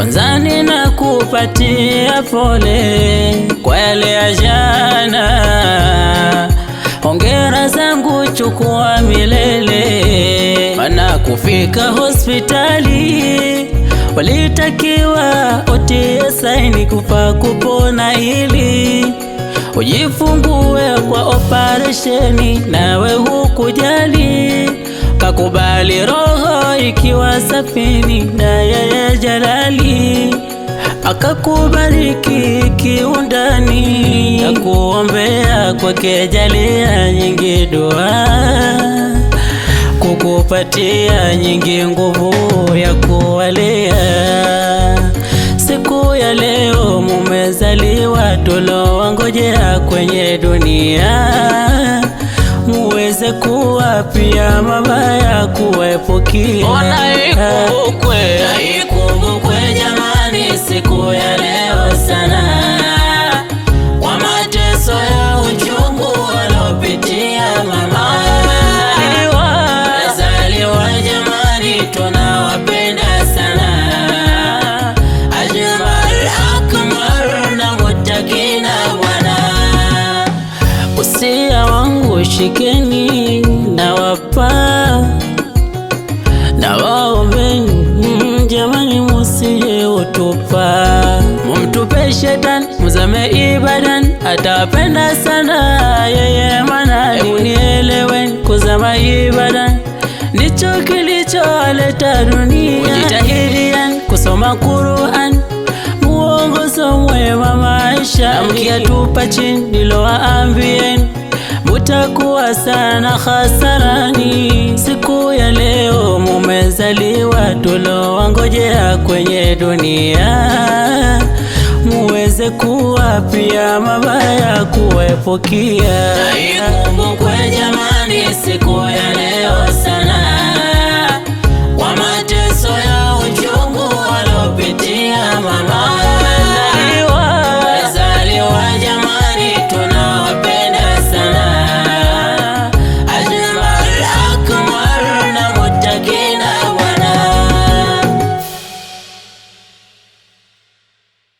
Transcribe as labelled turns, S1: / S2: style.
S1: Kwanza ninakupatia pole kwa yale ya jana, hongera zangu chukua milele, mana kufika hospitali walitakiwa utie saini kufa kupona ili ujifungue kwa oparesheni, nawe hukujali kakubali roho ikiwa safini naye akakubariki kiundani, na kuombea kwake jalia nyingi dua, kukupatia nyingi nguvu ya kuwalia. Siku ya leo mumezaliwa, tulowangojea kwenye dunia muweze kuwa pia mabaya kuwaepukia. wangu shikeni, nawapa nawaombeni, mm, jamani utupa, mumtupe shetani, mzame ibadan, atawapenda sana yeye mana. Hebu nieleweni kuzama ibadan ndicho kilicholeta dunia. Jitahidiani kusoma Qur'an muongozo mwema maisha, mkiyatupa chini nilowaambieni utakuwa sana hasarani. Siku ya leo mumezaliwa, tulowangojea kwenye dunia muweze kuwa pia mabaya kuwaepukia.
S2: Mungu jamani, siku